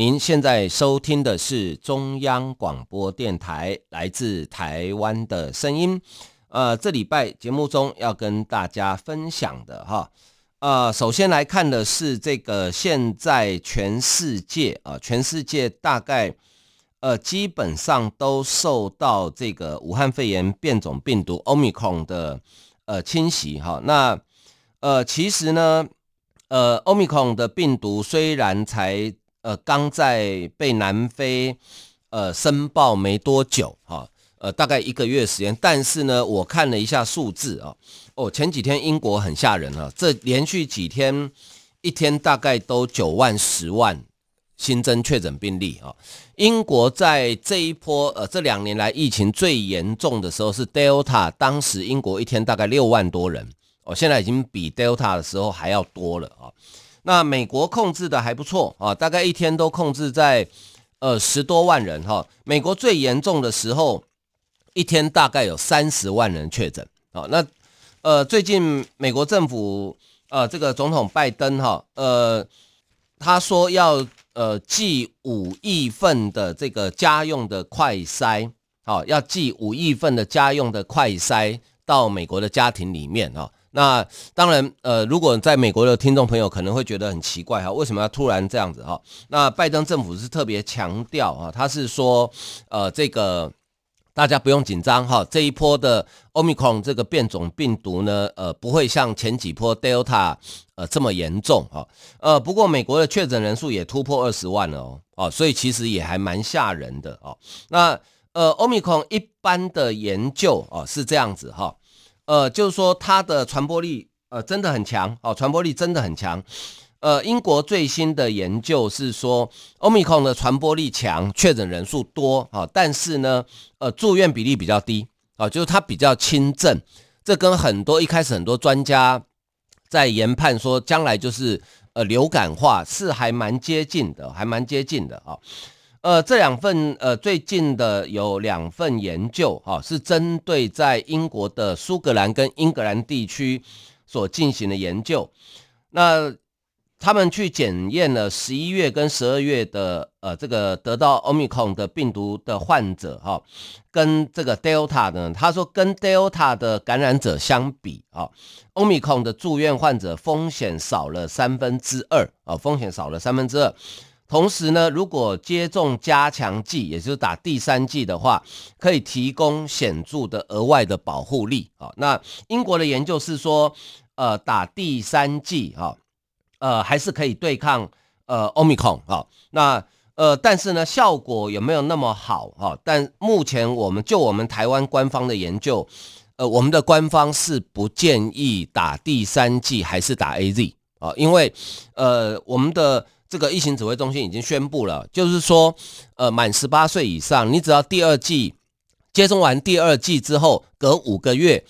您現在收聽的是中央廣播電台，來自台灣的聲音。呃，這禮拜節目中要跟大家分享的哈，呃，首先來看的是這個現在全世界啊，呃，全世界大概呃基本上都受到這個武漢肺炎變種病毒 Omicron 的呃侵襲哈。那呃，其實呢，呃，Omicron 的病毒雖然才呃，剛在被南非呃申報沒多久哈、哦，呃，大概一個月時間。但是呢，我看了一下數字啊，哦，前幾天英國很嚇人啊、哦，這連續幾天一天大概都九萬、十萬新增確診病例啊、哦。英國在這一波呃這兩年來疫情最嚴重的時候是 Delta，當時英國一天大概六萬多人，哦，現在已經比 Delta 的時候還要多了啊。哦那美國控制的還不錯啊，大概一天都控制在，呃，十多萬人哈、啊。美國最嚴重的時候，一天大概有三十萬人確診啊。那，呃，最近美國政府，呃、啊，這個總統拜登哈、啊，呃，他說要呃寄五億份的這個家用的快篩、啊，要寄五億份的家用的快篩到美國的家庭裡面啊。那當然，呃，如果在美國的聽眾朋友可能會覺得很奇怪哈、啊，為什麼要突然這樣子哈、啊？那拜登政府是特別強調啊，他是說，呃，這個大家不用緊張哈、啊，這一波的 Omicron 這個變種病毒呢，呃，不會像前幾波 Delta 呃這麼嚴重哈、啊。呃，不過美國的確診人數也突破二十萬了哦，哦，所以其實也還蠻嚇人的哦、啊。那呃，Omicron 一般的研究哦、啊、是這樣子哈、啊。呃，就是說它的傳播力，呃，真的很強哦，傳播力真的很強。呃，英國最新的研究是說歐米 i 的傳播力強，確診人數多啊、哦，但是呢，呃，住院比例比較低啊、哦，就是它比較輕症，這跟很多一開始很多專家在研判說，將來就是呃流感化是還蠻接近的，還蠻接近的啊。哦呃，這兩份呃最近的有兩份研究哈、啊，是針對在英國的蘇格蘭跟英格蘭地區所進行的研究。那他們去檢驗了十一月跟十二月的呃這個得到 Omicron 的病毒的患者哈、啊，跟這個 Delta 呢，他說跟 Delta 的感染者相比啊，Omicron 的住院患者風險少了三分之二啊，風險少了三分之二。同時呢，如果接種加強劑，也就是打第三劑的話，可以提供顯著的額外的保護力啊、哦。那英國的研究是說，呃，打第三劑、哦、呃，還是可以對抗呃奧密克戎啊。那呃，但是呢，效果有沒有那麼好、哦、但目前我們就我們台灣官方的研究，呃，我們的官方是不建議打第三劑，還是打 AZ 啊、哦，因為呃，我們的。這個疫情指揮中心已經宣布了，就是說，呃，滿十八歲以上，你只要第二劑接種完第二劑之後，隔五個月，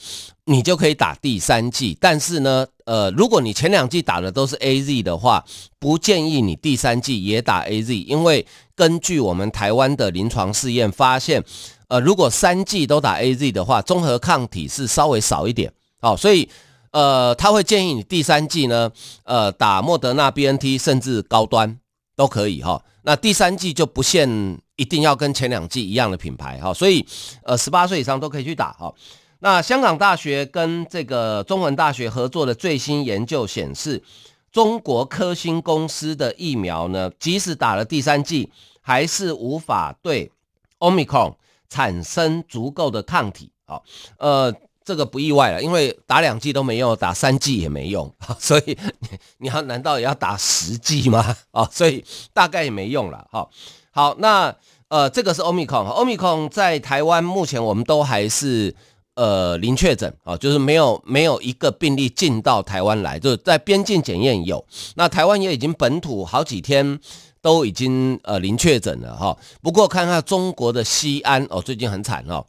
你就可以打第三劑。但是呢，呃，如果你前兩劑打的都是 A Z 的話，不建議你第三劑也打 A Z，因為根據我們台灣的臨床試驗發現，呃，如果三劑都打 A Z 的話，中和抗體是稍微少一點。好，所以。呃，他會建議你第三劑呢，呃，打莫德納、BNT，甚至高端都可以哈。那第三劑就不限，一定要跟前兩劑一樣的品牌哈。所以，呃，十八歲以上都可以去打哈。那香港大學跟這個中文大學合作的最新研究顯示，中國科興公司的疫苗呢，即使打了第三劑，還是無法對 Omicron 產生足夠的抗體啊。呃。這個不意外了，因為打兩劑都沒用，打三劑也沒用，所以你你要、啊、難道也要打十劑嗎？哦，所以大概也沒用了哈、哦。好，那呃，這個是 Omicron，Omicron、哦、Omicron 在台灣目前我們都還是呃零確診啊，就是沒有沒有一個病例進到台灣來，就是在邊境檢驗有。那台灣也已經本土好幾天都已經呃零確診了哈、哦。不過看看中國的西安哦，最近很慘哦，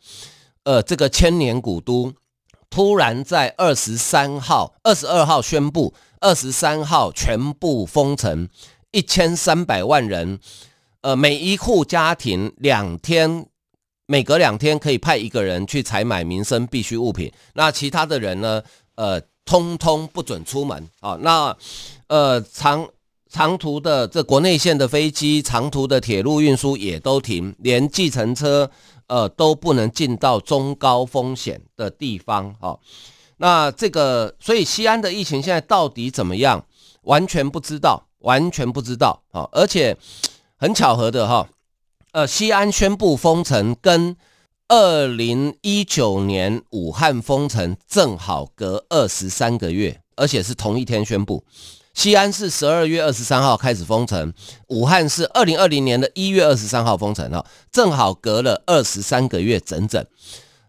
呃，這個千年古都。突然在二十三號、二十二號宣布，二十三號全部封城，一千三百萬人，呃，每一戶家庭兩天，每隔兩天可以派一個人去採買民生必需物品，那其他的人呢？呃，通通不准出門啊。那，呃，長長途的這國內線的飛機、長途的鐵路運輸也都停，連計程車。呃，都不能進到中高風險的地方哈、哦。那這個，所以西安的疫情現在到底怎麼樣？完全不知道，完全不知道啊、哦！而且很巧合的哈、哦，呃，西安宣布封城跟2019年武漢封城正好隔二十三個月，而且是同一天宣布。西安是十二月二十三號開始封城，武漢是二零二零年的一月二十三號封城了，正好隔了二十三個月整整。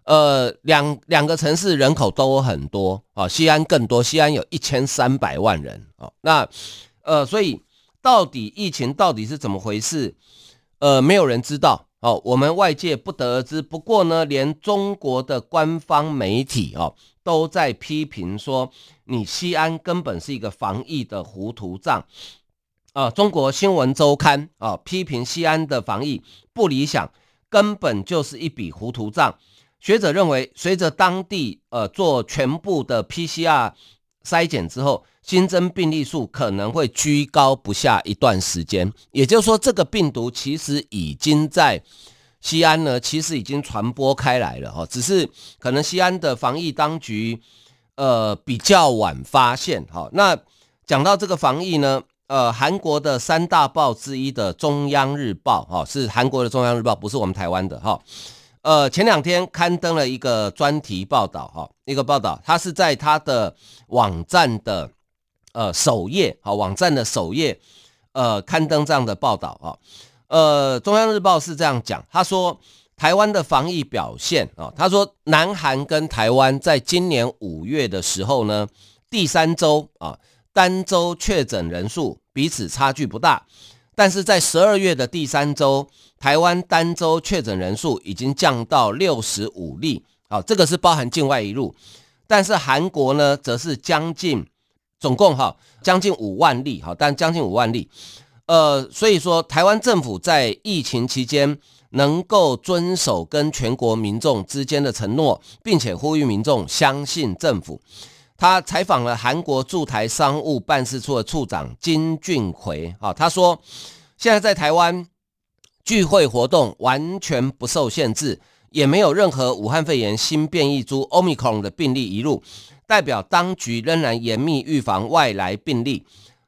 呃，兩兩個城市人口都很多啊、哦，西安更多，西安有一千三百萬人啊、哦。那，呃，所以到底疫情到底是怎麼回事？呃，沒有人知道哦，我們外界不得而知。不過呢，連中國的官方媒體哦。都在批評說，你西安根本是一個防疫的糊塗賬啊、呃！中國新聞週刊啊、呃，批評西安的防疫不理想，根本就是一筆糊塗賬。學者認為，隨着當地呃做全部的 PCR 篩檢之後，新增病例數可能會居高不下一段時間。也就是說，這個病毒其實已經在。西安呢，其實已經傳播開來了哈，只是可能西安的防疫當局，呃，比較晚發現哈。那講到這個防疫呢，呃，韓國的三大報之一的中央日報哈，是韓國的中央日報，不是我們台灣的哈。呃，前兩天刊登了一個專題報道哈，一個報道，它是在它的網站的呃首頁，哈，網站的首頁呃刊登這樣的報道啊。哦呃，中央日報是這樣講，他說台灣的防疫表現啊，他說南韓跟台灣在今年五月的時候呢，第三週啊，單週確診人數彼此差距不大，但是在十二月的第三周，台灣單週確診人數已經降到六十五例，好，這個是包含境外一路，但是韓國呢，則是將近總共哈，將近五萬例，好，但將近五萬例。呃，所以說，台灣政府在疫情期間能夠遵守跟全國民眾之間的承諾，並且呼籲民眾相信政府。他採訪了韓國駐台商務辦事處的處長金俊奎啊，他說，現在在台灣聚會活動完全不受限制，也沒有任何武漢肺炎新變異株 Omicron 的病例移入，代表當局仍然嚴密預防外來病例。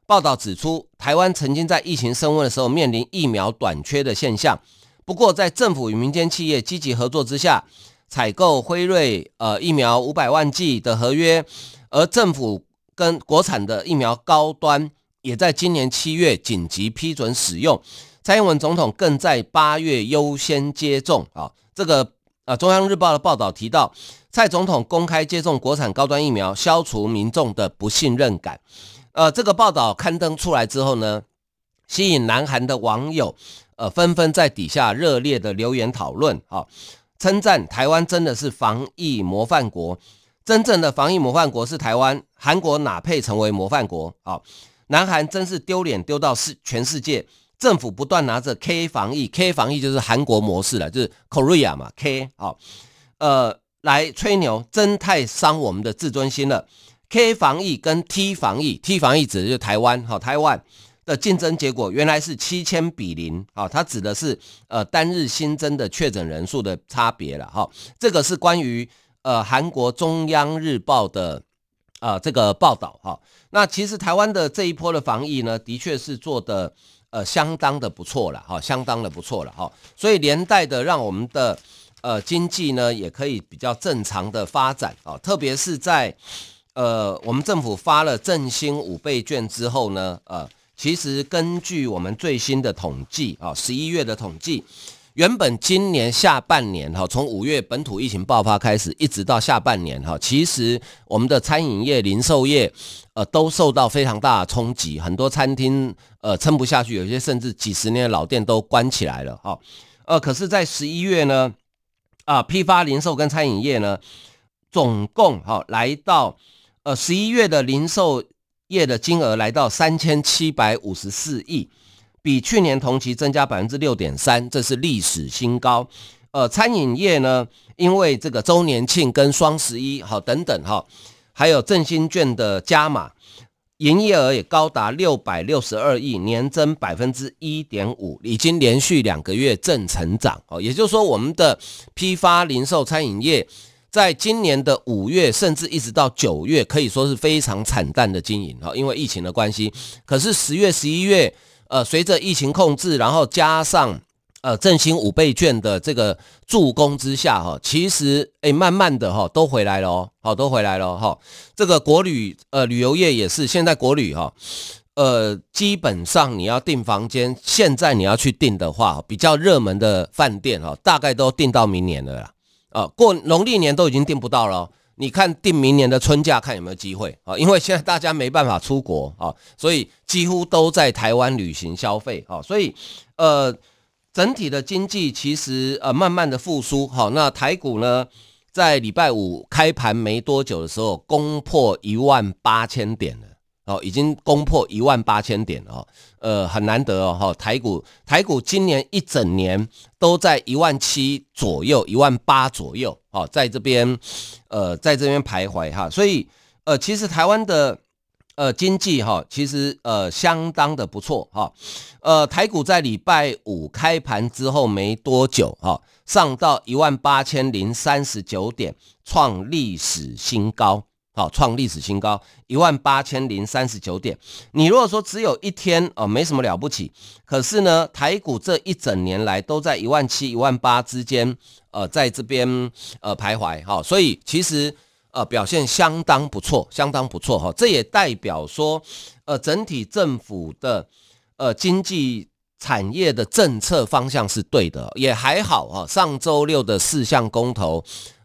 報道指出，台灣曾經在疫情升溫的時候面臨疫苗短缺的現象。不過，在政府與民間企業積極合作之下，採購輝瑞呃疫苗五百萬劑的合約。而政府跟國產的疫苗高端也在今年七月緊急批准使用。蔡英文總統更在八月優先接種啊。這個啊、呃、中央日報的報道提到，蔡總統公開接種國產高端疫苗，消除民眾的不信任感。呃，這個報道刊登出來之後呢，吸引南韓的網友，呃，紛紛在底下熱烈的留言討論啊，稱讚台灣真的是防疫模範國，真正的防疫模範國是台灣，韓國哪配成為模範國啊？南韓真是丟臉丟到世全世界，政府不斷拿着 K 防疫，K 防疫就是韓國模式了，就是 Korea 嘛，K 啊，呃，來吹牛，真太傷我們的自尊心了。K 防疫跟 T 防疫，T 防疫指的就是台灣哈、哦，台灣的競爭結果原來是七千比零啊、哦，它指的是呃單日新增的確診人數的差別了哈、哦，這個是關於呃韓國中央日報的啊、呃、這個報道哈、哦，那其實台灣的這一波的防疫呢，的確是做的呃相當的不錯了哈，相當的不錯了哈、哦哦，所以連帶的讓我們的呃經濟呢也可以比較正常的發展啊、哦，特別是在。呃，我們政府發了振興五倍券之後呢，呃，其實根據我們最新的統計啊，十一月的統計，原本今年下半年哈，從五月本土疫情爆發開始，一直到下半年哈、哦，其實我們的餐飲業、零售業，呃，都受到非常大的衝擊，很多餐廳呃撐不下去，有些甚至幾十年的老店都關起來了哈、哦，呃，可是，在十一月呢，啊、呃，批發、零售跟餐飲業呢，總共哈、哦，來到。呃，十一月的零售業的金額來到三千七百五十四億，比去年同期增加百分之六點三，這是歷史新高。呃，餐飲業呢，因為這個週年慶跟雙十一，好等等哈，還有振興券的加碼，營業額也高達六百六十二億，年增百分之一點五，已經連續兩個月正成長哦。也就是說，我們的批發、零售、餐飲業。在今年的五月，甚至一直到九月，可以說是非常慘淡的經營哈，因為疫情的關係。可是十月、十一月，呃，隨着疫情控制，然後加上呃振興五倍券的這個助攻之下哈，其實哎，慢慢的哈都回來了哦，好都回來了哦。這個國旅呃旅遊業也是，現在國旅哈，呃，基本上你要訂房間，現在你要去訂的話，比較熱門的飯店哈，大概都訂到明年了啦。呃，啊，過農曆年都已經訂不到了，哦，你看訂明年的春假看有沒有機會啊？因為現在大家沒辦法出國啊，所以幾乎都在台灣旅行消費啊，所以，呃，整體的經濟其實呃慢慢的復甦啊。那台股呢，在禮拜五開盤沒多久的時候，攻破一萬八千點了。哦，已經攻破一萬八千點哦，呃，很難得哦，台股台股今年一整年都在一萬七左右、一萬八左右，哦，在這邊，呃，在這邊徘徊哈，所以，呃，其實台灣的呃經濟哈，其實呃相當的不錯哈、哦，呃，台股在禮拜五開盤之後沒多久哈、哦，上到一萬八千零三十九點，創歷史新高。好，創歷史新高一萬八千零三十九點。你如果說只有一天哦，沒什麼了不起。可是呢，台股這一整年來都在一萬七、一萬八之間，呃，在這邊呃徘徊哈。所以其實呃表現相當不錯，相當不錯哈。這也代表說，呃，整體政府的呃經濟產業的政策方向是對的，也還好啊。上周六的四項公投。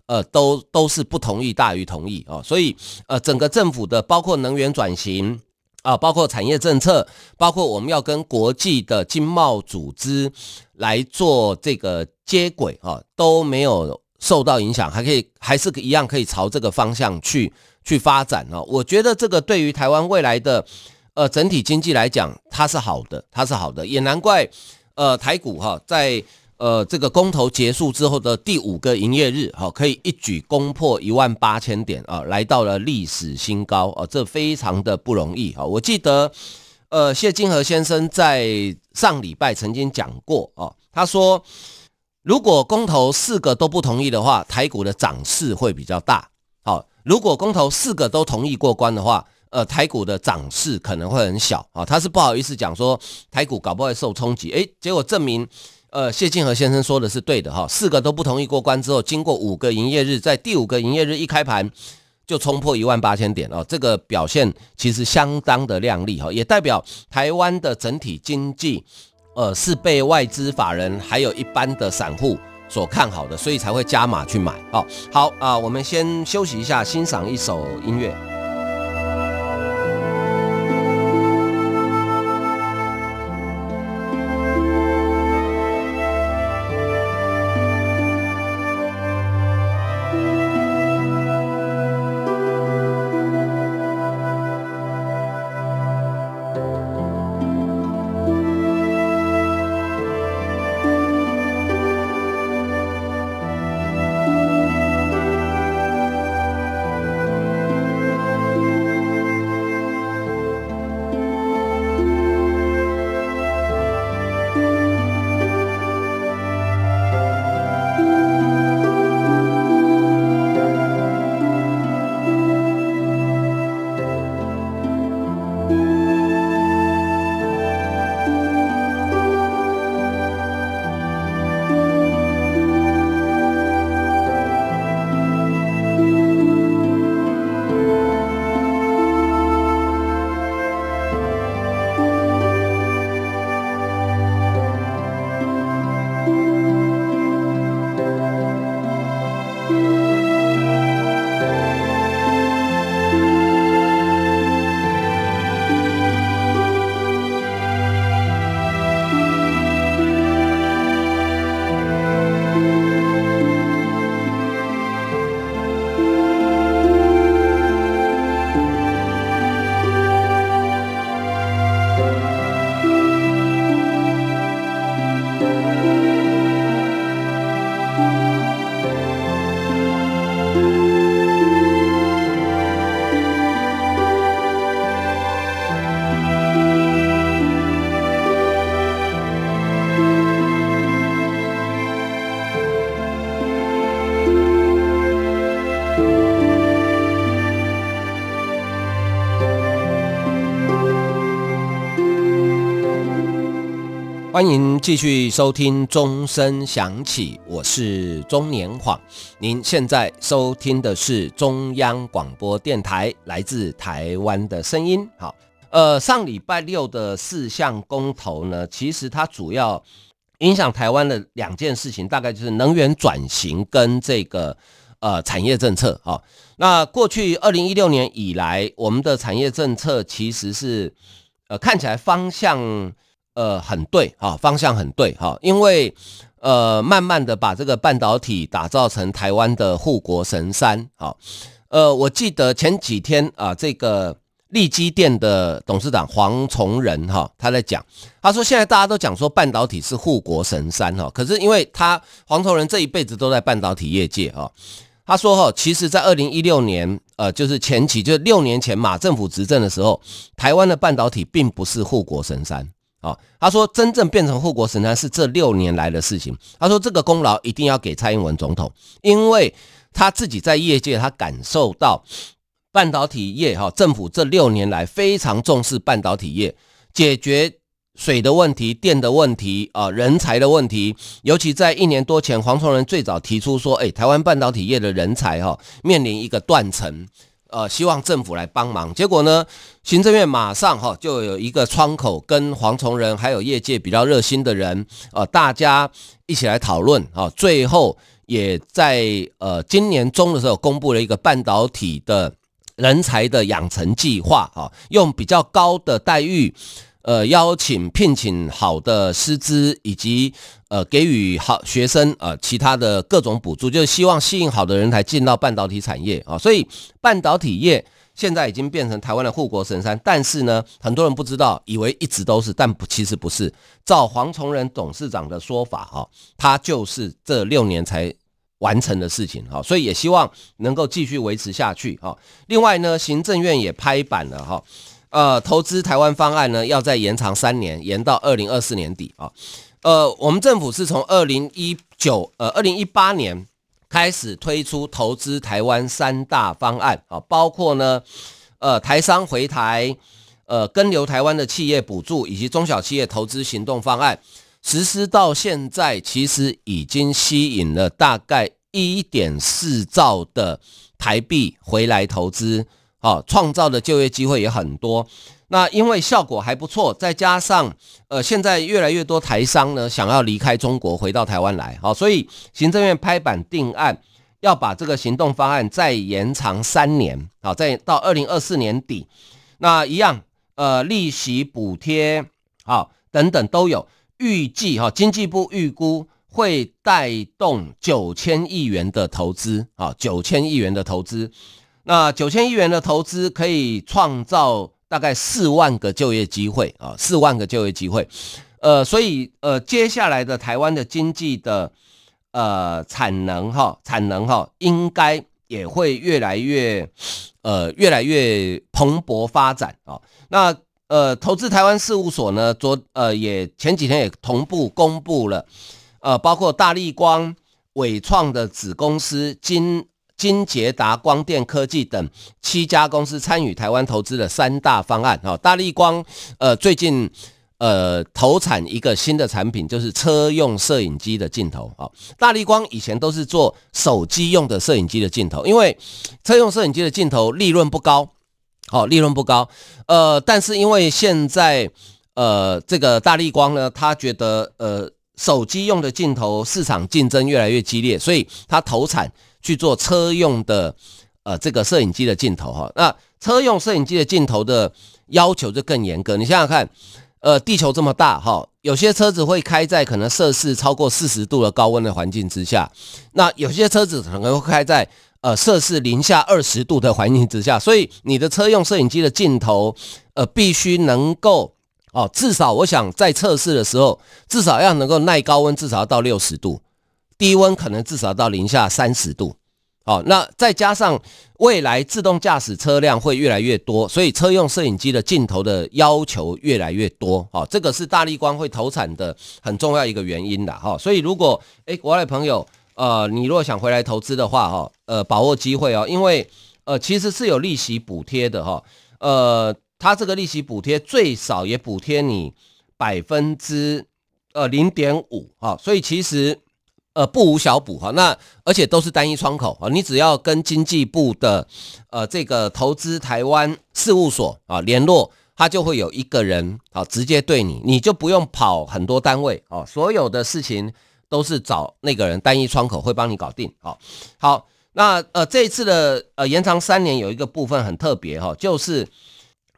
呃，都都是不同意大於同意啊、哦，所以呃，整個政府的包括能源轉型啊、呃，包括產業政策，包括我們要跟國際的經貿組織來做這個接軌啊、哦，都沒有受到影響，還可以還是一樣可以朝這個方向去去發展哦。我覺得這個對於台灣未來的呃整體經濟來講，它是好的，它是好的，也難怪呃台股哈、哦、在。呃，這個公投結束之後的第五個營業日，哦、可以一舉攻破一萬八千點啊、哦，來到了歷史新高啊、哦，這非常的不容易啊、哦。我記得，呃，謝金河先生在上禮拜曾經講過、哦、他說，如果公投四個都不同意的話，台股的漲勢會比較大。好、哦，如果公投四個都同意過關的話，呃，台股的漲勢可能會很小啊、哦。他是不好意思講說台股搞不好會受衝擊，哎，結果證明。呃，謝晉和先生說的是對的哈，四個都不同意過關之後，經過五個營業日，在第五個營業日一開盤就衝破一萬八千點哦，這個表現其實相當的靚麗哈，也代表台灣的整體經濟，呃，是被外資法人還有一般的散戶所看好的，所以才會加碼去買哦。好啊，呃，我們先休息一下，欣賞一首音樂。歡迎繼續收聽鐘聲響起，我是鍾年晃。您現在收聽的是中央廣播電台來自台灣的聲音。好，呃，上禮拜六的四項公投呢，其實它主要影響台灣的兩件事情，大概就是能源轉型跟這個呃產業政策。好，那過去二零一六年以來，我們的產業政策其實是呃看起來方向。呃，很對哈，方向很對哈，因為呃，慢慢的把這個半導體打造成台灣的護國神山哈。呃，我記得前幾天啊，呃，這個力積電的董事長黃崇仁哈，他在講，他說現在大家都講說半導體是護國神山哈，可是因為他黃崇仁這一輩子都在半導體業界哈，他說哈，其實在二零一六年呃，就是前期，就是六年前馬政府執政的時候，台灣的半導體並不是護國神山。好，哦、他說真正變成護國神山是這六年來的事情。他說這個功勞一定要給蔡英文總統，因為他自己在業界他感受到半導體業哈、哦、政府這六年來非常重視半導體業，解決水的問題、電的問題啊、呃、人才的問題，尤其在一年多前黃崇仁最早提出說，哎，台灣半導體業的人才哈、哦、面臨一個斷層。呃，希望政府來幫忙。結果呢，行政院馬上哈、哦、就有一個窗口，跟黃崇仁還有業界比較熱心的人，呃，大家一起來討論啊、哦。最後也在呃今年中的時候，公布了一個半導體的人才的養成計劃啊、哦，用比較高的待遇。呃，邀請聘請好的師資，以及呃，給予好學生呃其他的各種補助，就是希望吸引好的人才進到半導體產業啊。所以，半導體業現在已經變成台灣的護國神山。但是呢，很多人不知道，以為一直都是，但其實不是。照黃崇仁董事長的說法哈，他就是這六年才完成的事情哈。所以，也希望能夠繼續維持下去哈。另外呢，行政院也拍板了哈。呃，投資台灣方案呢，要再延長三年，延到二零二四年底啊、哦。呃，我們政府是從二零一九呃二零一八年開始推出投資台灣三大方案啊、哦，包括呢，呃，台商回台，呃，根留台灣的企業補助，以及中小企業投資行動方案，實施到現在，其實已經吸引了大概一點四兆的台幣回來投資。好、哦，創造的就業機會也很多。那因為效果還不錯，再加上呃，現在越來越多台商呢想要離開中國回到台灣來，好、哦，所以行政院拍板定案，要把這個行動方案再延長三年，好、哦，再到二零二四年底。那一樣，呃，利息補貼，好、哦，等等都有。預計哈、哦，經濟部預估會帶動九千億元的投資，啊、哦，九千億元的投資。那九千億元的投資可以創造大概四萬個就業機會啊，四萬個就業機會，呃，所以呃，接下來的台灣的經濟的呃產能哈，產能哈，應該也會越來越呃越來越蓬勃發展啊。那呃，投資台灣事務所呢，昨呃也前幾天也同步公布了，呃，包括大立光、偉創的子公司金。金捷達光電科技等七家公司參與台灣投資的三大方案。哦，大立光呃最近呃投產一個新的產品，就是車用攝影機的鏡頭。哦，大立光以前都是做手機用的攝影機的鏡頭，因為車用攝影機的鏡頭利潤不高，好利潤不高。呃，但是因為現在呃這個大立光呢，他覺得呃手機用的鏡頭市場競爭越來越激烈，所以他投產。去做車用的，呃，這個攝影機的鏡頭哈、哦，那車用攝影機的鏡頭的要求就更嚴格。你想想看，呃，地球這麼大哈、哦，有些車子會開在可能攝氏超過四十度的高溫的環境之下，那有些車子可能會開在呃攝氏零下二十度的環境之下，所以你的車用攝影機的鏡頭，呃，必須能夠哦，至少我想在測試的時候，至少要能夠耐高溫，至少要到六十度。低溫可能至少到零下三十度，哦，那再加上未來自動駕駛車輛會越來越多，所以車用攝影機的鏡頭的要求越來越多，哦。這個是大立光會投產的很重要一個原因的哈、哦。所以如果誒，國外朋友，呃，你如果想回來投資的話，哈，呃，把握機會哦，因為呃，其實是有利息補貼的哈，呃，它這個利息補貼最少也補貼你百分之呃零點五啊，所以其實。呃，不無小補哈。那而且都是單一窗口啊，你只要跟經濟部的呃這個投資台灣事務所啊聯絡，他就會有一個人啊直接對你，你就不用跑很多單位啊，所有的事情都是找那個人單一窗口會幫你搞定。啊好，那呃這一次的呃延長三年有一個部分很特別哈、啊，就是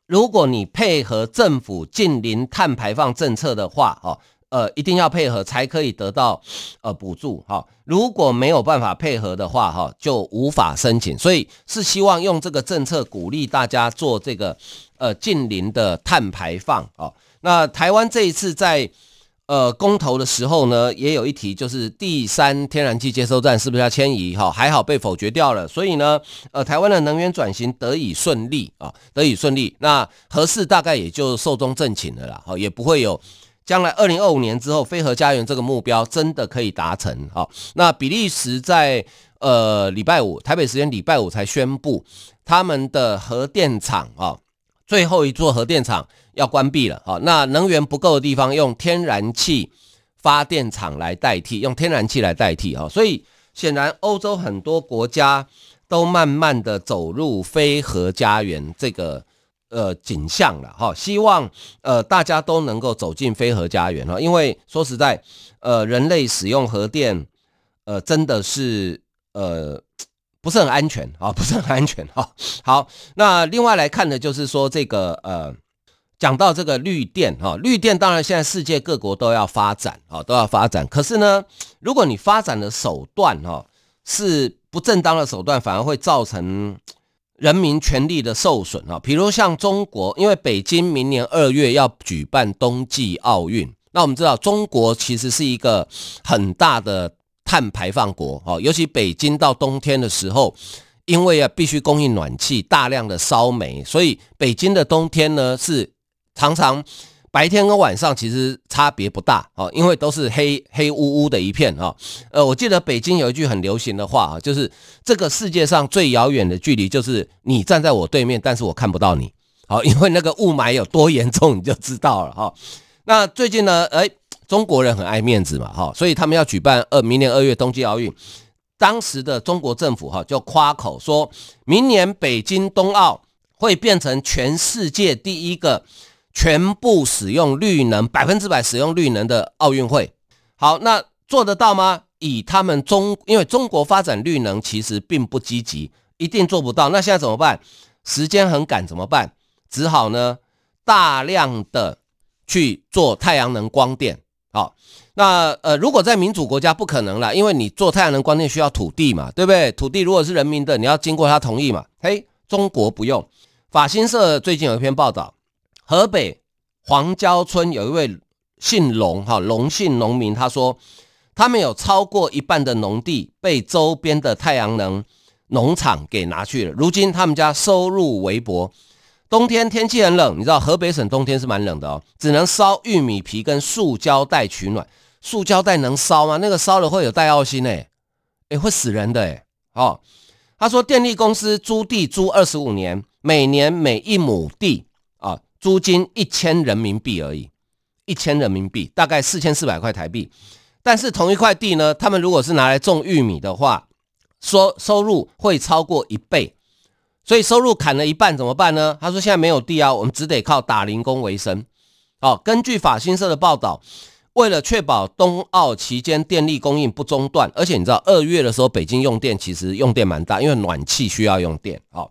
如果你配合政府近零碳排放政策的話哦。啊呃，一定要配合才可以得到呃補助哈、哦。如果沒有辦法配合的話哈、哦，就無法申請。所以是希望用這個政策鼓勵大家做這個呃近零的碳排放啊、哦。那台灣這一次在呃公投的時候呢，也有一題就是第三天然氣接收站是不是要遷移哈、哦？還好被否決掉了。所以呢，呃，台灣的能源轉型得以順利啊、哦，得以順利。那核四大概也就壽終正寢了啦，哈、哦，也不會有。將來二零二五年之後，非核家園這個目標真的可以達成哦，那比利時在呃禮拜五，台北時間禮拜五才宣布他們的核電廠哦，最後一座核電廠要關閉了哦，那能源不夠的地方，用天然氣發電廠來代替，用天然氣來代替哦，所以顯然，歐洲很多國家都慢慢的走入非核家園這個。呃，景象了哈、哦，希望呃大家都能夠走進非核家園哈、哦，因為說實在，呃，人類使用核電呃真的是呃不是很安全啊，不是很安全哈、哦哦，好，那另外來看的就是說這個呃，講到這個綠電哈、哦，綠電當然現在世界各國都要發展啊、哦，都要發展，可是呢，如果你發展的手段哈、哦、是不正當的手段，反而會造成。人民權利的受損啊，比如像中國，因為北京明年二月要舉辦冬季奧運，那我們知道中國其實是一個很大的碳排放國啊，尤其北京到冬天的時候，因為啊必須供應暖氣，大量的燒煤，所以北京的冬天呢，是常常。白天跟晚上其實差別不大哦，因為都是黑黑烏烏的一片啊。呃，我記得北京有一句很流行的話啊，就是這個世界上最遙遠的距離，就是你站在我對面，但是我看不到你。好，因為那個霧霾有多嚴重，你就知道了哈。那最近呢，哎，誒中國人很愛面子嘛哈，所以他們要舉辦二明年二月冬季奧運，當時的中國政府哈就誇口說，明年北京冬奧會變成全世界第一個。全部使用綠能100，百分之百使用綠能的奧運會，好，那做得到嗎？以他們中，因為中國發展綠能其實並不積極，一定做不到。那現在怎麼辦？時間很趕，怎麼辦？只好呢，大量的去做太陽能光電。好，那呃，如果在民主國家不可能啦，因為你做太陽能光電需要土地嘛，對不對？土地如果是人民的，你要經過他同意嘛。嘿，中國不用。法新社最近有一篇報道。河北黃郊村有一位姓龍哈龍姓農民，他說他們有超過一半的農地被周邊的太陽能農場給拿去了。如今他們家收入微薄，冬天天氣很冷，你知道河北省冬天是蠻冷的，哦，只能燒玉米皮跟塑膠袋取暖。塑膠袋能燒嗎？那個燒了會有戴奧辛誒，哎、欸、會死人的哎、欸。哦，他說電力公司租地租二十五年，每年每一畝地，租金一千人民幣而已，一千人民幣大概四千四百塊台幣，但是同一塊地呢，他們如果是拿來種玉米的話，收收入會超過一倍，所以收入砍了一半怎麼辦呢？他說現在沒有地啊，我們只得靠打零工為生。好、哦，根據法新社的報道，為了確保冬奧期間電力供應不中斷，而且你知道二月的時候北京用電其實用電蠻大，因為暖氣需要用電啊、哦，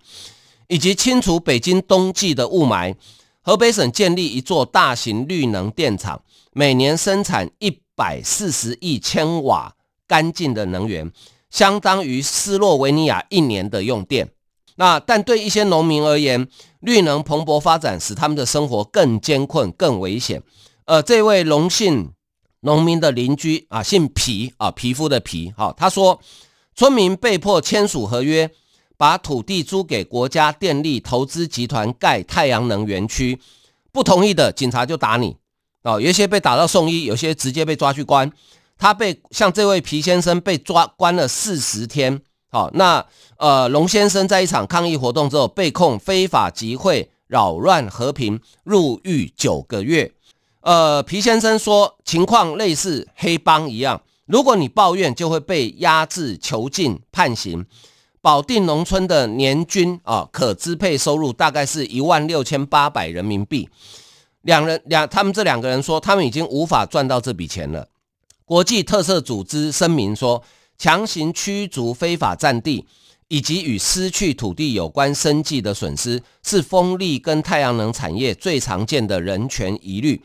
以及清除北京冬季的霧霾。河北省建立一座大型綠能電廠，每年生產一百四十億千瓦乾淨的能源，相當於斯洛維尼亞一年的用電。那但對一些農民而言，綠能蓬勃發展使他們的生活更艱困、更危險。呃，這位農姓農民的鄰居啊，姓皮啊，皮膚的皮，好、哦，他說，村民被迫簽署合約。把土地租給國家電力投資集團蓋太陽能園區，不同意的警察就打你哦。有些被打到送醫，有些直接被抓去關。他被像這位皮先生被抓關了四十天。好、哦，那呃龍先生在一場抗議活動之後被控非法集會、擾亂和平，入獄九個月。呃，皮先生說情況類似黑幫一樣，如果你抱怨就會被壓制、囚禁、判刑。保定農村的年均啊可支配收入大概是一萬六千八百人民幣。兩人兩他們這兩個人說，他們已經無法賺到這筆錢了。國際特赦組織聲明說，強行驅逐非法占地以及與失去土地有關生計的損失，是風力跟太陽能產業最常見的人權疑慮。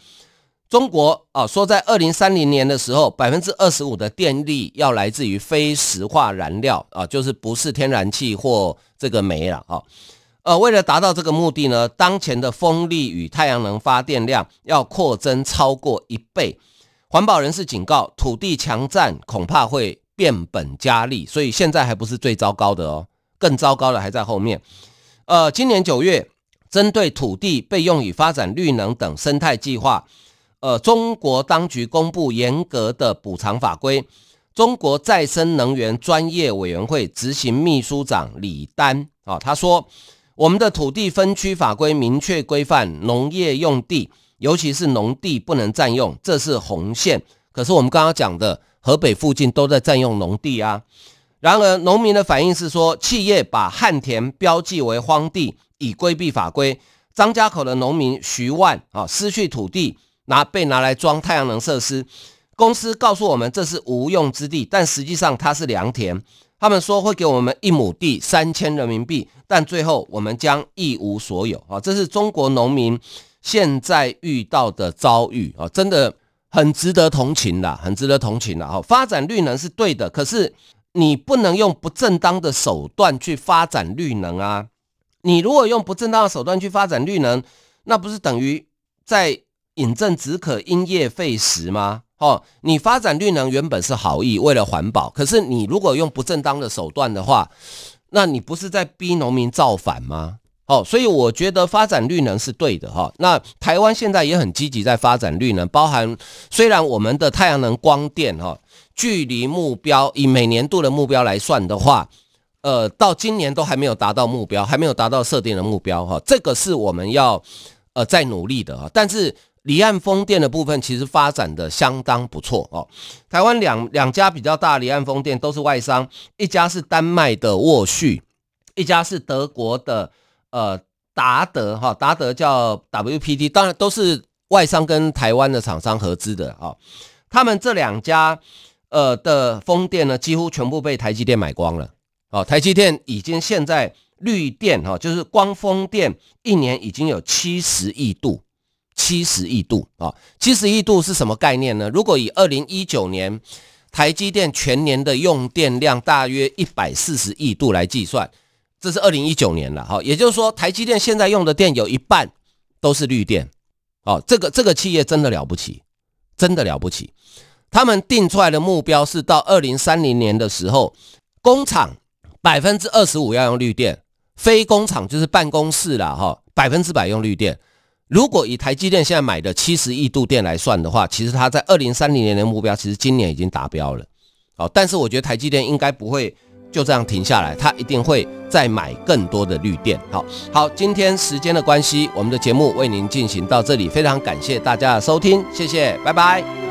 中國啊，說在二零三零年的時候，百分之二十五的電力要來自於非石化燃料啊，就是不是天然氣或這個煤了啊。呃，為了達到這個目的呢，當前的風力與太陽能發電量要擴增超過一倍。環保人士警告，土地強佔恐怕會變本加厲，所以現在還不是最糟糕的哦，更糟糕的還在後面。呃，今年九月，針對土地被用於發展綠能等生態計劃。呃，中國當局公布嚴格的補償法規。中國再生能源專業委員會執行秘書長李丹啊、哦，他說：“我們的土地分區法規明確規範農業用地，尤其是農地不能占用，這是紅線。可是我們剛剛講的河北附近都在占用農地啊。然而，農民的反應是說，企業把旱田標記為荒地，以規避法規。張家口的農民徐萬啊、哦，失去土地。”拿被拿來裝太陽能設施，公司告訴我們這是無用之地，但實際上它是良田。他們說會給我們一畝地三千人民幣，但最後我們將一無所有啊！這是中國農民現在遇到的遭遇啊，真的很值得同情的、啊，很值得同情的啊！發展綠能是對的，可是你不能用不正當的手段去發展綠能啊！你如果用不正當的手段去發展綠能，那不是等於在。飲鴆止渴，因噎廢食嗎？哦，你發展綠能原本是好意，為了環保。可是你如果用不正當的手段的話，那你不是在逼農民造反嗎？哦，所以我覺得發展綠能是對的哈、哦。那台灣現在也很積極在發展綠能，包含雖然我們的太陽能光電哈、哦，距離目標以每年度的目標來算的話，呃，到今年都還沒有達到目標，還沒有達到設定的目標哈、哦。這個是我們要呃再努力的、哦、但是。離岸風電的部分其實發展的相當不錯哦。台灣兩兩家比較大的離岸風電都是外商，一家是丹麥的沃旭，一家是德國的呃達德哈、哦、達德叫 WPD，當然都是外商跟台灣的廠商合資的啊、哦。他們這兩家呃的風電呢，幾乎全部被台積電買光了哦。台積電已經現在綠電哈、哦，就是光風電一年已經有七十億度，七十億度啊！七十億度是什麼概念呢？如果以二零一九年台積電全年的用電量大約一百四十億度來計算，這是二零一九年了哈。也就是說，台積電現在用的電有一半都是綠電哦。這個這個企業真的了不起，真的了不起。他們定出來的目標是到二零三零年的時候，工廠百分之二十五要用綠電，非工廠就是辦公室了哈，百分之百用綠電。如果以台積電現在買的七十億度電來算的話，其實它在二零三零年的目標，其實今年已經達標了。好，但是我覺得台積電應該不會就這樣停下來，它一定會再買更多的綠電。好好，今天時間的關係，我們的節目為您進行到這裡，非常感謝大家的收聽，謝謝，拜拜。